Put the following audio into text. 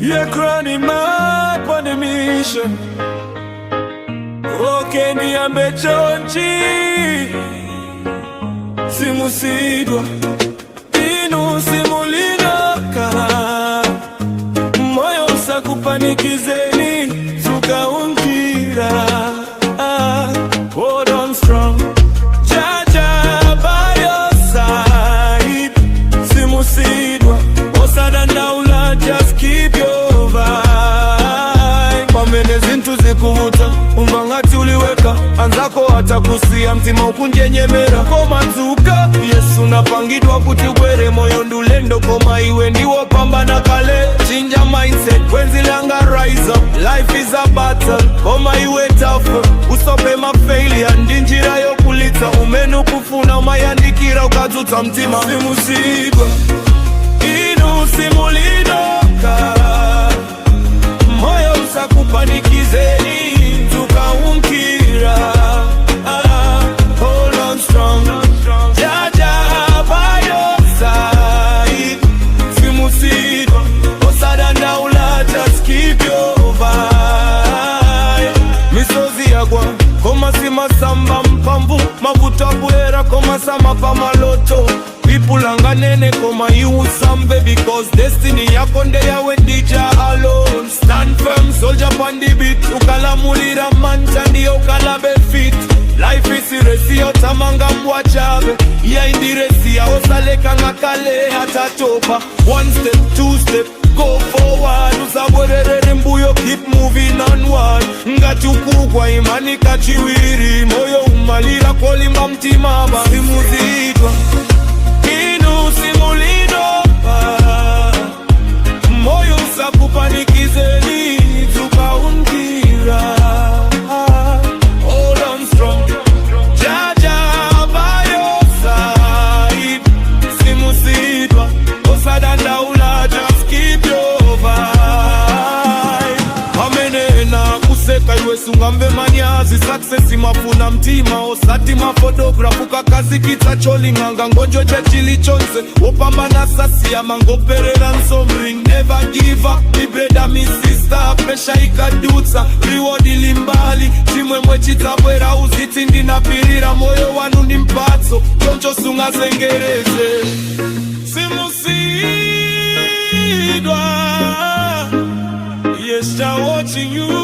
You're crowning my pandemician. Okay, niambie chonchi simusidwa anzako atakusia mtima ukunje nyemera komanzuka yesu napangidwa kutigwere moyo ndulendo koma iwe ndiwo pamba na kale chinja mindset langa rise up life is a battle koma iwe tough usope mafailia ndi njira yokulita umenu kufuna umayandikira ukazuta mtima simusigwa inu simulido jagwa koma sima samba mpambu mavuta bwera koma maloto vipulanga nene koma iusambe because destiny yako ndeyawe ndija alone stand firm soldier pandi ukalamulira manja ndiyo ukalabe fit life isiresi yotamanga mbwa yaindiresi yaosalekanga kale hatatopa one step two step go forward usabwererere mbuyo keep ngachukugwa imani kachiwiri moyo umalira kolimba mtima mtimaba wesungamve manyazi success imafuna mtima osati mafotografu kakazi kitacholing'anga ngonjo chechilichonse wopambana sasiya mangoperera nsomring never give up mi breda mi sister pesha ikadutsa reward limbali chimwemwe chitabwera uziti ndinapirira moyo wanu ndi mpatso choncho sungazengereze simusidwa yes, watching you